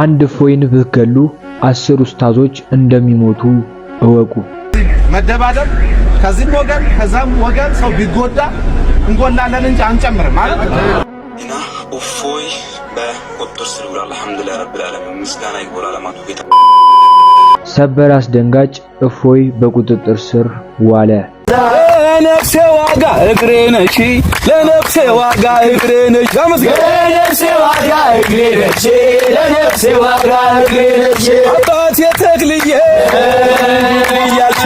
አንድ እፎይን ብትገሉ አስር ኡስታዞች እንደሚሞቱ እወቁ። መደባደብ ከዚህም ወገን ከዛም ወገን ሰው ቢጎዳ እንጎላለን እንጂ አንጨምርም ማለት እና እፎይ ስር አልሐምዱሊላህ ረብል ዓለሚን ምስጋና ጌታ። ሰበር አስደንጋጭ እፎይ በቁጥጥር ስር ዋለ። ለነፍሴ ዋጋ እግሬ ነሽ ለነፍሴ ዋጋ እግሬ ነሽ ለነፍሴ ዋጋ እግሬ ለነፍሴ ዋጋ እግሬ አባቴ ተክልዬ እያልሽ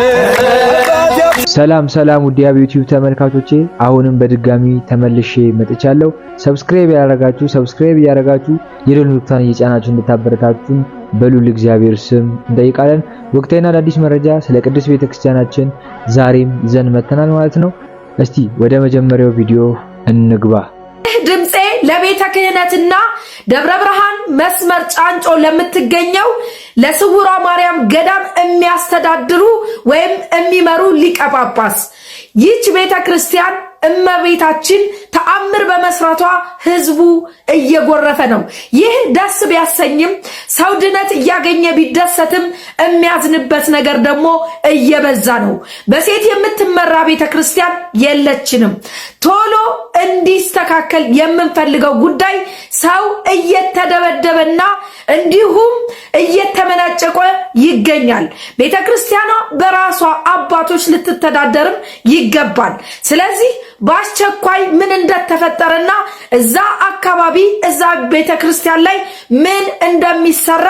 ሰላም ሰላም ውዲያ ዩቲዩብ ተመልካቾቼ አሁንም በድጋሚ ተመልሼ መጥቻለሁ። ሰብስክራይብ ያደረጋችሁ ሰብስክራይብ ያደረጋችሁ የደወል ምልክቱን እየጫናችሁ እንድታበረታቱን በሉል እግዚአብሔር ስም እንጠይቃለን። ወቅታዊና አዳዲስ መረጃ ስለ ቅድስት ቤተክርስቲያናችን ዛሬም ይዘን መተናል ማለት ነው። እስቲ ወደ መጀመሪያው ቪዲዮ እንግባ። ድምፄ ለቤተ ክህነትና ደብረ ብርሃን መስመር ጫንጮ ለምትገኘው ለስውሯ ማርያም ገዳም የሚያስተዳድሩ ወይም የሚመሩ ሊቀ ጳጳስ ይህች ቤተ ክርስቲያን እመቤታችን ተአምር በመስራቷ ህዝቡ እየጎረፈ ነው። ይህ ደስ ቢያሰኝም ሰው ድነት እያገኘ ቢደሰትም የሚያዝንበት ነገር ደግሞ እየበዛ ነው። በሴት የምትመራ ቤተ ክርስቲያን የለችንም። ቶሎ እንዲስተካከል የምንፈልገው ጉዳይ ሰው እየተደበደበና እንዲሁም እየተመናጨቆ ይገኛል። ቤተ ክርስቲያኗ በራሷ አባቶች ልትተዳደርም ይገባል። ስለዚህ በአስቸኳይ ምን እንደተፈጠረና እዛ አካባቢ እዛ ቤተ ክርስቲያን ላይ ምን እንደሚሰራ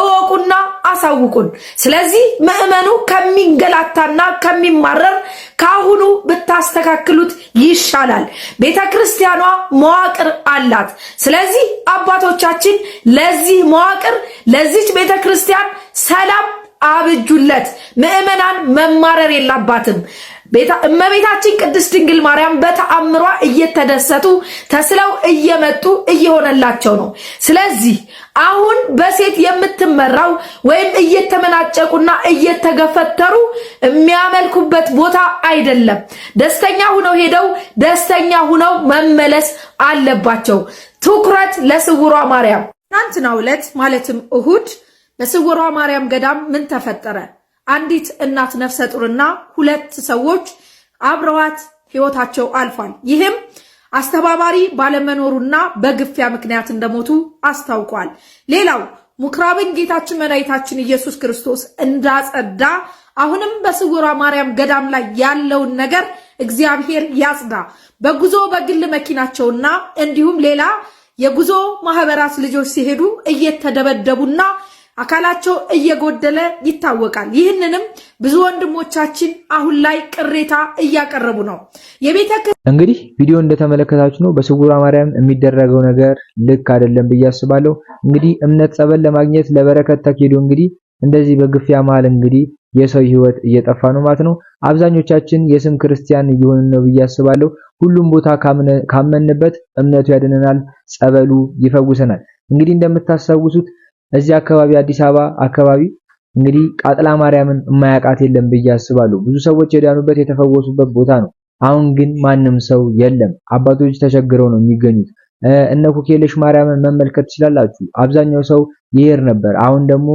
እወቁና አሳውቁን። ስለዚህ ምዕመኑ ከሚንገላታና ከሚማረር ከአሁኑ ብታስተካክሉት ይሻላል። ቤተ ክርስቲያኗ መዋቅር አላት። ስለዚህ አባቶቻችን ለዚህ መዋቅር ለዚች ቤተ ክርስቲያን ሰላም አብጁለት። ምዕመናን መማረር የለባትም። እመቤታችን ቅድስት ድንግል ማርያም በተአምሯ እየተደሰቱ ተስለው እየመጡ እየሆነላቸው ነው። ስለዚህ አሁን በሴት የምትመራው ወይም እየተመናጨቁና እየተገፈተሩ የሚያመልኩበት ቦታ አይደለም። ደስተኛ ሁነው ሄደው ደስተኛ ሁነው መመለስ አለባቸው። ትኩረት ለስውሯ ማርያም። ትናንትና ዕለት ማለትም እሁድ በስውሯ ማርያም ገዳም ምን ተፈጠረ? አንዲት እናት ነፍሰ ጡርና ሁለት ሰዎች አብረዋት ህይወታቸው አልፏል። ይህም አስተባባሪ ባለመኖሩና በግፊያ ምክንያት እንደሞቱ አስታውቋል። ሌላው ምኩራብን ጌታችን መድኃኒታችን ኢየሱስ ክርስቶስ እንዳጸዳ አሁንም በስውሯ ማርያም ገዳም ላይ ያለውን ነገር እግዚአብሔር ያጽዳ። በጉዞ በግል መኪናቸውና እንዲሁም ሌላ የጉዞ ማህበራት ልጆች ሲሄዱ እየተደበደቡና አካላቸው እየጎደለ ይታወቃል። ይህንንም ብዙ ወንድሞቻችን አሁን ላይ ቅሬታ እያቀረቡ ነው። የቤተ እንግዲህ ቪዲዮ እንደተመለከታችሁ ነው። በስውሯ ማርያም የሚደረገው ነገር ልክ አይደለም ብዬ አስባለሁ። እንግዲህ እምነት ጸበል ለማግኘት ለበረከት ተኬዶ እንግዲህ እንደዚህ በግፊያ መሀል እንግዲህ የሰው ህይወት እየጠፋ ነው ማለት ነው። አብዛኞቻችን የስም ክርስቲያን እየሆንን ነው ብዬ አስባለሁ። ሁሉም ቦታ ካመንበት እምነቱ ያድነናል፣ ጸበሉ ይፈውሰናል። እንግዲህ እንደምታስታውሱት እዚህ አካባቢ አዲስ አበባ አካባቢ እንግዲህ ቃጥላ ማርያምን የማያውቃት የለም ብዬ አስባለሁ። ብዙ ሰዎች የዳኑበት የተፈወሱበት ቦታ ነው። አሁን ግን ማንም ሰው የለም። አባቶች ተቸግረው ነው የሚገኙት። እነ ኩኬለሽ ማርያምን መመልከት ትችላላችሁ። አብዛኛው ሰው ይሄር ነበር። አሁን ደግሞ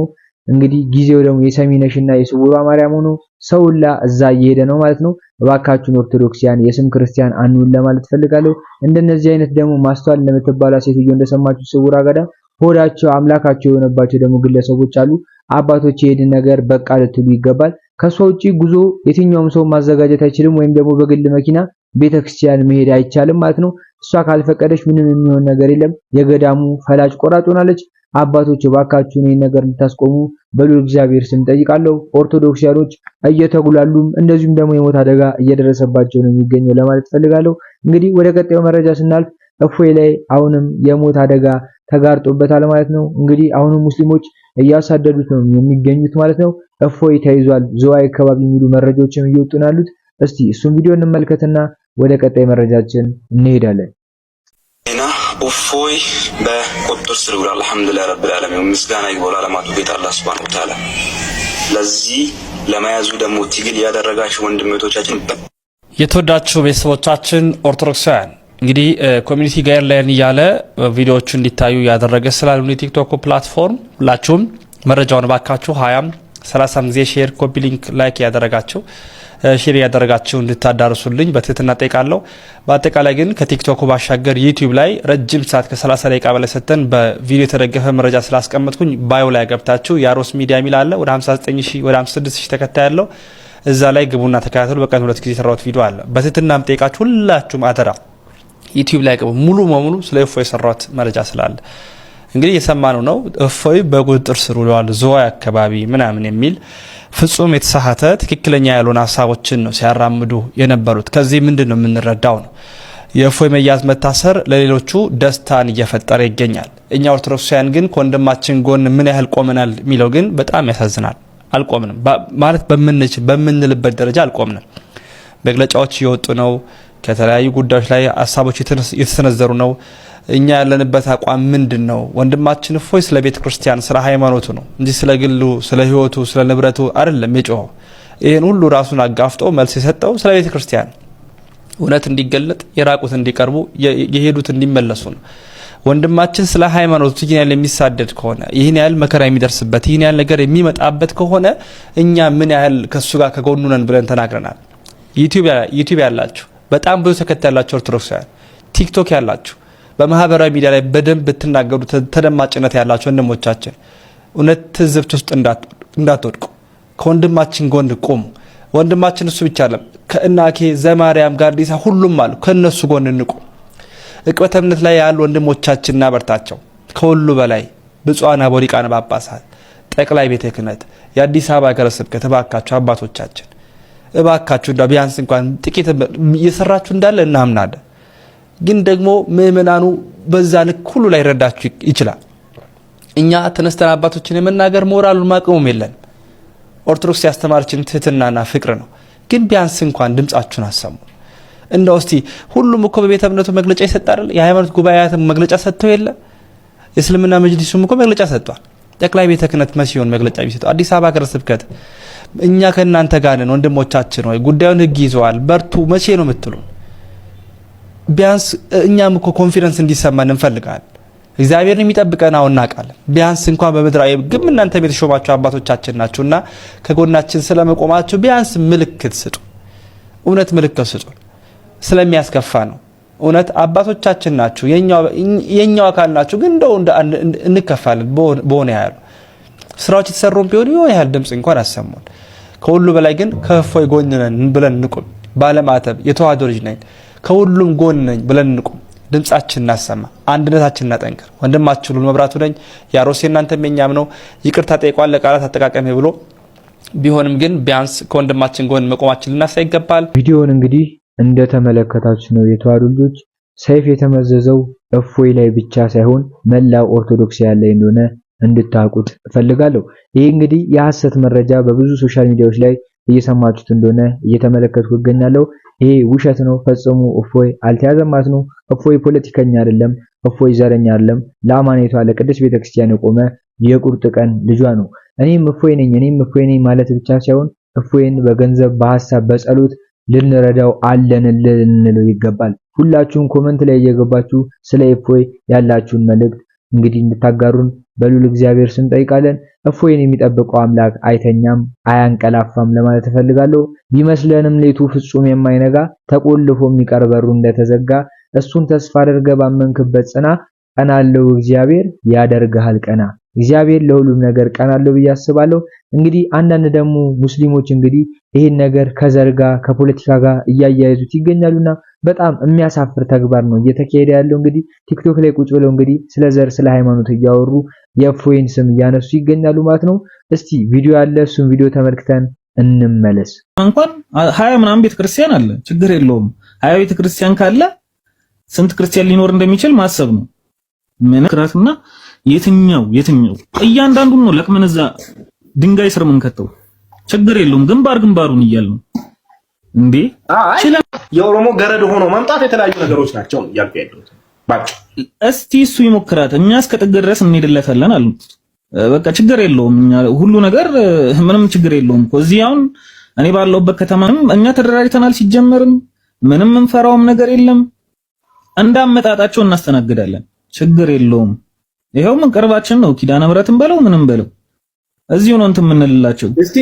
እንግዲህ ጊዜው ደግሞ የሰሚነሽና የስውሯ ማርያም ሆኖ ሰውላ እዛ እየሄደ ነው ማለት ነው። እባካችሁን ኦርቶዶክሲያን የስም ክርስቲያን አንውን ለማለት ፈልጋለሁ። እንደነዚህ አይነት ደግሞ ማስተዋል ለምትባላ ሴትዮ እንደሰማችሁ ስውራ አገዳ። ሆዳቸው አምላካቸው የሆነባቸው ደግሞ ግለሰቦች አሉ። አባቶች ይሄድን ነገር በቃ ልትሉ ይገባል። ከሷ ውጪ ጉዞ የትኛውም ሰው ማዘጋጀት አይችልም፣ ወይም ደግሞ በግል መኪና ቤተክርስቲያን መሄድ አይቻልም ማለት ነው። እሷ ካልፈቀደች ምንም የሚሆን ነገር የለም። የገዳሙ ፈላጭ ቆራጭ ሆናለች። አባቶች ባካችሁን ይህን ነገር እንድታስቆሙ በሉ እግዚአብሔር ስም ጠይቃለሁ። ኦርቶዶክሲያኖች እየተጉላሉም እንደዚሁም ደግሞ የሞት አደጋ እየደረሰባቸው ነው የሚገኘው ለማለት ፈልጋለሁ። እንግዲህ ወደ ቀጣዩ መረጃ ስናልፍ እፎይ ላይ አሁንም የሞት አደጋ ተጋርጦበታል ማለት ነው። እንግዲህ አሁንም ሙስሊሞች እያሳደዱት ነው የሚገኙት ማለት ነው። እፎይ ተይዟል ዝዋይ አካባቢ የሚሉ መረጃዎችም እየወጡ ነው ያሉት። እስቲ እሱን ቪዲዮ እንመልከትና ወደ ቀጣይ መረጃችን እንሄዳለን። እፎይ በቁጥር ስር ይውላል። አልሐምዱሊላህ ረብል ዓለሚን ምስጋና ይግባው ለዓለማቱ ጌታ አላህ ሱብሓነሁ ወተዓላ። ለዚህ ለመያዙ ደግሞ ትግል ያደረጋችሁ ወንድሞቻችን የተወዳችሁ ቤተሰቦቻችን ኦርቶዶክሳውያን እንግዲህ ኮሚኒቲ ጋይድላይን እያለ ቪዲዮዎቹ እንዲታዩ እያደረገ ስላሉ የቲክቶክ ፕላትፎርም ሁላችሁም መረጃውን ባካችሁ ሀያም ሰላሳም ጊዜ ሼር፣ ኮፒ ሊንክ፣ ላይክ ያደረጋችሁ ሼር ያደረጋችሁ እንድታዳርሱልኝ በትህትና ጠይቃለሁ። በአጠቃላይ ግን ከቲክቶክ ባሻገር ዩቲዩብ ላይ ረጅም ሰዓት ከ30 ደቂቃ በላይ ሰጥተን በቪዲዮ የተደገፈ መረጃ ስላስቀመጥኩኝ ባዮ ላይ ገብታችሁ የአሮስ ሚዲያ የሚል አለ ወደ 59 ወደ 56 ተከታይ ያለው እዛ ላይ ግቡና ተከታተሉ። በቀን ሁለት ጊዜ የሰራሁት ቪዲዮ አለ። በትህትና ጠይቃችሁ ሁላችሁም አደራ ዩቲዩብ ላይ ቀቡ ሙሉ በሙሉ ስለ እፎይ የሰራት መረጃ ስላለ እንግዲህ የሰማነው ነው። እፎይ በቁጥጥር ስር ውለዋል ዝዋይ አካባቢ ምናምን የሚል ፍጹም የተሳሳተ ትክክለኛ ያልሆነ ሀሳቦችን ነው ሲያራምዱ የነበሩት። ከዚህ ምንድን ነው የምንረዳው ነው የእፎይ መያዝ መታሰር ለሌሎቹ ደስታን እየፈጠረ ይገኛል። እኛ ኦርቶዶክሳውያን ግን ከወንድማችን ጎን ምን ያህል ቆመናል የሚለው ግን በጣም ያሳዝናል። አልቆምንም ማለት በምንልበት ደረጃ አልቆምንም። መግለጫዎች እየወጡ ነው። ከተለያዩ ጉዳዮች ላይ ሀሳቦች የተሰነዘሩ ነው። እኛ ያለንበት አቋም ምንድን ነው? ወንድማችን እፎይ ስለ ቤተ ክርስቲያን ስለ ሃይማኖቱ ነው እንጂ ስለ ግሉ፣ ስለ ህይወቱ፣ ስለ ንብረቱ አይደለም የጮኸው። ይህን ሁሉ ራሱን አጋፍጦ መልስ የሰጠው ስለ ቤተ ክርስቲያን እውነት እንዲገለጥ፣ የራቁት እንዲቀርቡ፣ የሄዱት እንዲመለሱ ነው። ወንድማችን ስለ ሃይማኖቱ ይህን ያህል የሚሳደድ ከሆነ ይህን ያህል መከራ የሚደርስበት ይህን ያህል ነገር የሚመጣበት ከሆነ እኛ ምን ያህል ከእሱ ጋር ከጎኑ ነን ብለን ተናግረናል። ዩቲዩብ ያላችሁ በጣም ብዙ ተከታይ ያላቸው ኦርቶዶክሳውያን ቲክቶክ ያላችሁ በማህበራዊ ሚዲያ ላይ በደንብ ብትናገሩ ተደማጭነት ያላቸው ወንድሞቻችን እውነት ትዝብት ውስጥ እንዳትወድቁ ከወንድማችን ጎን ቁሙ። ወንድማችን እሱ ብቻ አለም ከእናኬ ዘማርያም ጋር ዲሳ ሁሉም አሉ። ከእነሱ ጎን እንቁ። እቅበተ እምነት ላይ ያሉ ወንድሞቻችን እናበርታቸው። ከሁሉ በላይ ብፁዓን አበው ሊቃነ ጳጳሳት፣ ጠቅላይ ቤተ ክህነት፣ የአዲስ አበባ ሀገረ ስብከት እባካችሁ አባቶቻችን እባካችሁ እንዳ ቢያንስ እንኳን ጥቂት እየሰራችሁ እንዳለ እናምናለን። ግን ደግሞ ምእመናኑ በዛ ልክ ሁሉ ላይ ረዳችሁ ይችላል። እኛ ተነስተን አባቶችን የመናገር ሞራሉን ማቅሙም የለን። ኦርቶዶክስ ያስተማረችን ትህትናና ፍቅር ነው። ግን ቢያንስ እንኳን ድምፃችሁን አሰሙ። እንደው እስቲ ሁሉም እኮ በቤተ እምነቱ መግለጫ ይሰጣል። የሃይማኖት ጉባኤያት መግለጫ ሰጥተው የለ የእስልምና መጅሊሱም እኮ መግለጫ ሰጥቷል። ጠቅላይ ቤተ ክህነት መሲሆን መግለጫ ቢሰጠው አዲስ አበባ ሀገረ ስብከት እኛ ከእናንተ ጋር ነን ወንድሞቻችን፣ ወይ ጉዳዩን ህግ ይዘዋል፣ በርቱ፣ መቼ ነው የምትሉ? ቢያንስ እኛም እኮ ኮንፊደንስ እንዲሰማን እንፈልጋለን። እግዚአብሔርን የሚጠብቀን አሁን እናውቃለን። ቢያንስ እንኳን በምድራዊ ግም እናንተ የተሾማችሁ አባቶቻችን እና ከጎናችን ስለመቆማችሁ ቢያንስ ምልክት ስጡ፣ እውነት ምልክት ስጡ። ስለሚያስከፋ ነው። እውነት አባቶቻችን ናችሁ፣ የኛው አካል ናችሁ። ግን እንደው እንከፋለን በሆነ ያሉ ስራዎች የተሰሩም ቢሆን ይሆን ያህል ድምፅ እንኳን አሰሙን። ከሁሉ በላይ ግን ከእፎይ ጎን ነን ብለን እንቁም። ባለማተብ የተዋህዶ ልጅ ነኝ ከሁሉም ጎን ነኝ ብለን እንቁም። ድምጻችን እናሰማ፣ አንድነታችን እናጠንክር። ወንድማችሁ ልዑል መብራቱ ነኝ። ያሮሴ እናንተ የኛም ነው። ይቅርታ ጠይቋል ለቃላት አጠቃቀሚ ብሎ ቢሆንም ግን ቢያንስ ከወንድማችን ጎን መቆማችን ልናሳ ይገባል። ቪዲዮውን እንግዲህ እንደተመለከታችሁ ነው የተዋህዶ ልጆች ሰይፍ የተመዘዘው እፎይ ላይ ብቻ ሳይሆን መላው ኦርቶዶክስ ያለ እንደሆነ እንድታውቁት እፈልጋለሁ። ይህ እንግዲህ የሐሰት መረጃ በብዙ ሶሻል ሚዲያዎች ላይ እየሰማችሁት እንደሆነ እየተመለከትኩ እገኛለሁ። ይሄ ውሸት ነው ፈጽሞ። እፎይ አልተያዘም ማለት ነው። እፎይ ፖለቲከኛ አይደለም። እፎይ ዘረኛ አይደለም። ለአማኔቷ ለቅድስት ቤተክርስቲያን የቆመ የቁርጥ ቀን ልጇ ነው። እኔም እፎይ ነኝ፣ እኔም እፎይ ነኝ ማለት ብቻ ሳይሆን እፎይን በገንዘብ በሐሳብ፣ በጸሎት ልንረዳው አለን ልንለው ይገባል። ሁላችሁም ኮመንት ላይ እየገባችሁ ስለ እፎይ ያላችሁን መልእክት እንግዲህ እንድታጋሩን በሉል እግዚአብሔር ስም ጠይቃለን። እፎይን የሚጠብቀው አምላክ አይተኛም አያንቀላፋም ለማለት እፈልጋለሁ። ቢመስለንም ሌቱ ፍጹም የማይነጋ ተቆልፎ የሚቀር በሩ እንደተዘጋ እሱን ተስፋ አድርገ ባመንክበት ጽና። ቀናለው እግዚአብሔር ያደርግሃል ቀና። እግዚአብሔር ለሁሉም ነገር ቀን አለው ብዬ አስባለሁ። እንግዲህ አንዳንድ ደግሞ ሙስሊሞች እንግዲህ ይህን ነገር ከዘር ጋር ከፖለቲካ ጋር እያያይዙት ይገኛሉና በጣም የሚያሳፍር ተግባር ነው እየተካሄደ ያለው። እንግዲህ ቲክቶክ ላይ ቁጭ ብለው እንግዲህ ስለ ዘር ስለ ሃይማኖት እያወሩ የእፎይን ስም እያነሱ ይገኛሉ ማለት ነው። እስቲ ቪዲዮ ያለ እሱን ቪዲዮ ተመልክተን እንመለስ። እንኳን ሀያ ምናምን ቤተ ክርስቲያን አለ ችግር የለውም። ሀያ ቤተ ክርስቲያን ካለ ስንት ክርስቲያን ሊኖር እንደሚችል ማሰብ ነው ምክንያቱምና የትኛው የትኛው እያንዳንዱ ነው ለቅመን እዛ ድንጋይ ስር ምን ከተው ችግር የለውም። ግንባር ግንባሩን እያል ነው እንዴ የኦሮሞ ገረድ ሆኖ መምጣት የተለያዩ ነገሮች ናቸው እያልኩ ያለሁት ባጭው። እስቲ እሱ ይሞክራት፣ እኛ እስከ ጥግ ድረስ እንሄድለታለን አሉ። በቃ ችግር የለውም ሁሉ ነገር ምንም ችግር የለውም እኮ እዚህ አሁን እኔ ባለውበት ከተማም እኛ ተደራጅተናል። ሲጀመርም ምንም እንፈራውም ነገር የለም። እንዳመጣጣቸው እናስተናግዳለን። ችግር የለውም። ይሄው ምን ቅርባችን ነው። ኪዳነ ምሕረትን በለው ምንም በለው እዚሁ ነው እንትን የምንልላቸው። እስቲ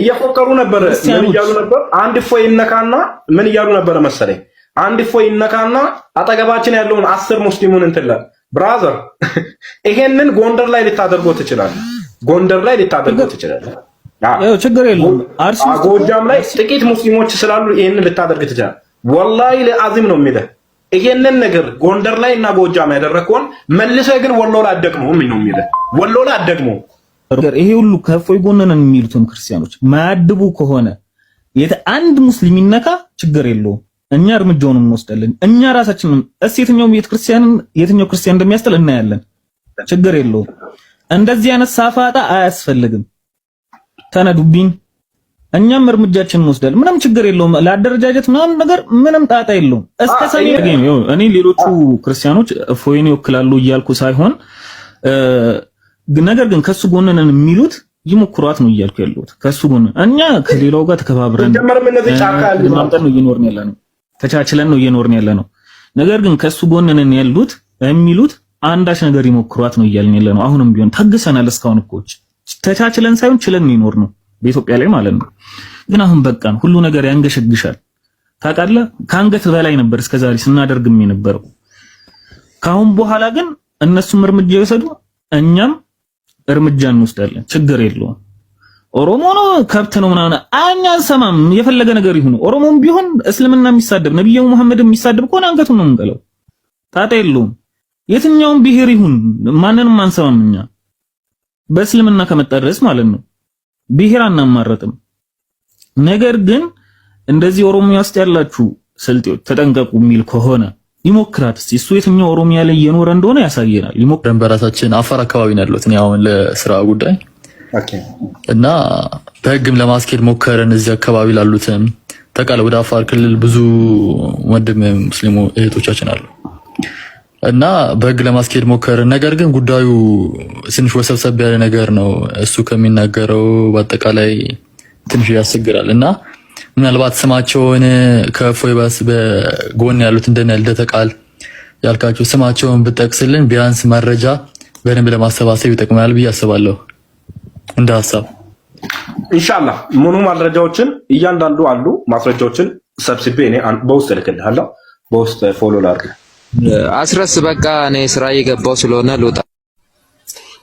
እየፎከሩ ነበር፣ ምን እያሉ ነበር? አንድ ፎይ ይነካና ምን እያሉ ነበር መሰለኝ፣ አንድ ፎይ ይነካና አጠገባችን ያለውን አስር ሙስሊሙን እንትላ ብራዘር፣ ይሄንን ጎንደር ላይ ልታደርጎ ትችላለህ፣ ጎንደር ላይ ልታደርጎ ትችላለህ። ያው ችግር የለውም። ጎጃም ላይ ጥቂት ሙስሊሞች ስላሉ ይሄንን ልታደርግ ትችላለህ። ወላሂ ለአዚም ነው የሚለው? ይሄንን ነገር ጎንደር ላይ እና ጎጃም ያደረከውን መልሰ ግን ወሎ ላይ አደቅመውም ነው የሚለ ወሎ ላይ አደቅመው ይሄ ሁሉ ከእፎይ ጎን ነን የሚሉትም ክርስቲያኖች ማያድቡ ከሆነ የት አንድ ሙስሊም ይነካ ችግር የለውም። እኛ እርምጃውን እንወስዳለን። እኛ ራሳችንን እስ የትኛውም ቤተክርስቲያን የትኛው ክርስቲያን እንደሚያስጥል እናያለን። ችግር የለውም። እንደዚህ አይነት ሳፋጣ አያስፈልግም። ተነዱብኝ እኛም እርምጃችን እንወስዳለን። ምንም ችግር የለውም። ለአደረጃጀት ምናምን ነገር ምንም ጣጣ የለውም። እስከ ሰኔ እኔ ሌሎቹ ክርስቲያኖች እፎይን ይወክላሉ እያልኩ ሳይሆን ነገር ግን ከሱ ጎን ነን የሚሉት ይሞክሯት ነው እያልኩ ያለሁት። ከሱ ጎን እኛ ከሌላው ጋር ተከባብረን ማምጠን ነው እየኖርን ያለ ነው። ተቻችለን ነው እየኖርን ያለ ነው። ነገር ግን ከሱ ጎን ያሉት የሚሉት አንዳች ነገር ይሞክሯት ነው እያልን ያለ ነው። አሁንም ቢሆን ታግሰናል። እስካሁን እኮ ተቻችለን ሳይሆን ችለን ይኖር ነው በኢትዮጵያ ላይ ማለት ነው። ግን አሁን በቃን፣ ሁሉ ነገር ያንገሸግሻል። ታውቃለህ፣ ከአንገት በላይ ነበር እስከዛሬ ስናደርግም የነበረው። ከአሁን በኋላ ግን እነሱም እርምጃ ይወሰዱ፣ እኛም እርምጃ እንወስዳለን። ችግር የለውም። ኦሮሞ ነው ከብት ነው ምናምን እኛ አንሰማም። የፈለገ ነገር ይሁን፣ ኦሮሞም ቢሆን እስልምና የሚሳደብ ነብዩ መሐመድ የሚሳደብ ከሆነ አንገቱ ነው የምንቀለው። ጣጣ የለውም። የትኛውም ብሄር ይሁን ማንንም አንሰማም እኛ በእስልምና ከመጣ ድረስ ማለት ነው። ብሔር አናማረጥም። ነገር ግን እንደዚህ ኦሮሚያ ውስጥ ያላችሁ ስልጤዎች ተጠንቀቁ የሚል ከሆነ ይሞክራት እስቲ። እሱ የትኛው ኦሮሚያ ላይ እየኖረ እንደሆነ ያሳየናል። ይሞክራን። በራሳችን አፋር አካባቢ ነው ያለሁት እኔ አሁን ለስራ ጉዳይ እና በህግም ለማስኬድ ሞከረን እዚህ አካባቢ ላሉትም ተቃለ ወደ አፋር ክልል ብዙ ወንድም ሙስሊሙ እህቶቻችን አሉ እና በህግ ለማስኬድ ሞከርን። ነገር ግን ጉዳዩ ትንሽ ወሰብሰብ ያለ ነገር ነው። እሱ ከሚናገረው በአጠቃላይ ትንሽ ያስቸግራል እና ምናልባት ስማቸውን ከእፎይ በጎን ያሉት እንደ ልደተ ቃል ያልካቸው ስማቸውን ብጠቅስልን ቢያንስ መረጃ በደንብ ለማሰባሰብ ይጠቅመናል ብዬ አስባለሁ። እንደ ሀሳብ ኢንሻአላህ ምኑ ማስረጃዎችን እያንዳንዱ አሉ ማስረጃዎችን ሰብስቤ እኔ በውስጥ እልክልሃለሁ። በውስጥ ፎሎ ላድርግ አስረስ በቃ እኔ ስራ እየገባው ስለሆነ ልውጣ።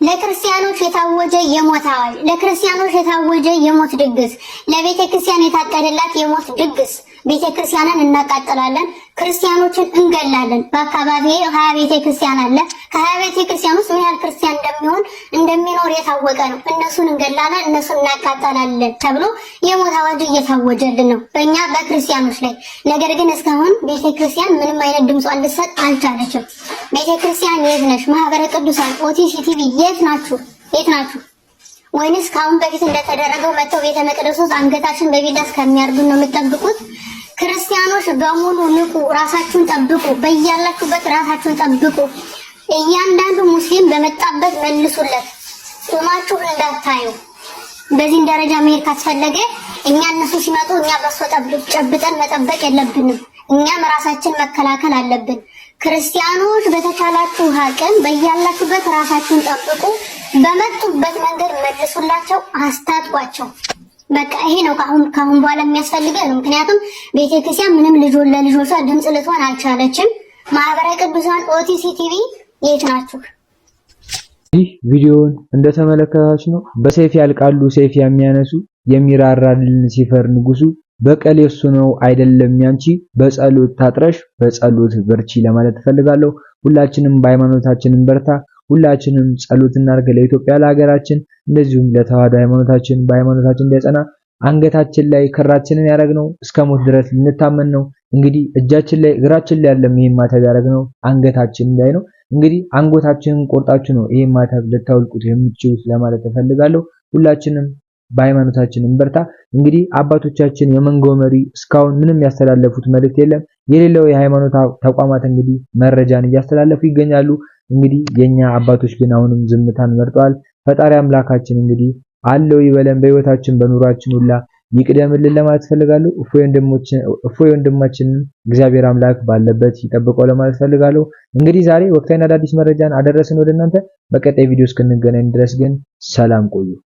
ለክርስቲያኖች የታወጀ የሞት አዋጅ፣ ለክርስቲያኖች የታወጀ የሞት ድግስ፣ ለቤተክርስቲያን የታቀደላት የሞት ድግስ ቤተ ክርስቲያንን እናቃጥላለን፣ ክርስቲያኖችን እንገላለን። በአካባቢ ሀያ ቤተ ክርስቲያን አለ። ከሀያ ቤተ ክርስቲያን ውስጥ ምን ያህል ክርስቲያን እንደሚሆን እንደሚኖር የታወቀ ነው። እነሱን እንገላለን፣ እነሱን እናቃጠላለን ተብሎ የሞት አዋጅ እየታወጀልን ነው በእኛ በክርስቲያኖች ላይ። ነገር ግን እስካሁን ቤተ ክርስቲያን ምንም አይነት ድምጿ እንድትሰጥ አልቻለችም። ቤተ ክርስቲያን የት ነሽ? ማህበረ ቅዱሳን ኦቲሲ ቲቪ የት ናችሁ? የት ናችሁ? ወይንስ ከአሁን በፊት እንደተደረገው መጥተው ቤተ መቅደሱ አንገታችን በቢላስ ከሚያርጉን ነው የምጠብቁት? ክርስቲያኖች በሙሉ ንቁ፣ ራሳችሁን ጠብቁ። በያላችሁበት ራሳችሁን ጠብቁ። እያንዳንዱ ሙስሊም በመጣበት መልሱለት፣ ቁማችሁ እንዳታዩ። በዚህም ደረጃ መሄድ ካስፈለገ እኛ እነሱ ሲመጡ እኛ በሶ ጨብጠን መጠበቅ የለብንም። እኛም ራሳችን መከላከል አለብን። ክርስቲያኖች በተቻላችሁ አቅም በያላችሁበት ራሳችሁን ጠብቁ። በመጡበት መንገድ መልሱላቸው፣ አስታጥቋቸው። በቃ ይሄ ነው ከአሁን ከአሁን በኋላ የሚያስፈልገን። ምክንያቱም ቤተክርስቲያን ምንም ልጆ ለልጆቿ ድምፅ ልትሆን አልቻለችም። ማህበረ ቅዱሳን ኦቲሲ ቲቪ የት ናችሁ? ይህ ቪዲዮውን እንደተመለከታችሁ ነው። በሰይፍ ያልቃሉ ሰይፍ የሚያነሱ የሚራራልን ሲፈር ንጉሱ በቀል የሱ ነው አይደለም ያንቺ። በጸሎት ታጥረሽ በጸሎት በርቺ ለማለት እፈልጋለሁ። ሁላችንም በሃይማኖታችን በርታ። ሁላችንም ጸሎት እናድርግ ለኢትዮጵያ ለሀገራችን። እንደዚሁም ለተዋህዶ ሃይማኖታችን በሃይማኖታችን እንዲያጸና አንገታችን ላይ ክራችንን ያደረግነው እስከ ሞት ድረስ ልንታመን ነው። እንግዲህ እጃችን ላይ እግራችን ላይ ያለም ይሄን ማተብ ያደረግነው አንገታችን ላይ ነው። እንግዲህ አንገታችንን ቆርጣችሁ ነው ይሄን ማተብ ልታወልቁት የምትችሉት ለማለት እፈልጋለሁ። ሁላችንም በሃይማኖታችን እንበርታ። እንግዲህ አባቶቻችን የመንጎ መሪ እስካሁን ምንም ያስተላለፉት መልእክት የለም። የሌላው የሃይማኖት ተቋማት እንግዲህ መረጃን እያስተላለፉ ይገኛሉ። እንግዲህ የኛ አባቶች ግን አሁንም ዝምታን መርጠዋል። ፈጣሪ አምላካችን እንግዲህ አለው ይበለን በህይወታችን በኑሯችን ሁላ ይቅደምልን ለማለት ፈልጋለሁ። እፎይ ወንድማችንን እግዚአብሔር አምላክ ባለበት ይጠብቀው ለማለት ፈልጋለሁ። እንግዲህ ዛሬ ወቅታዊና አዳዲስ መረጃን አደረስን ወደ እናንተ። በቀጣይ ቪዲዮ እስክንገናኝ ድረስ ግን ሰላም ቆዩ።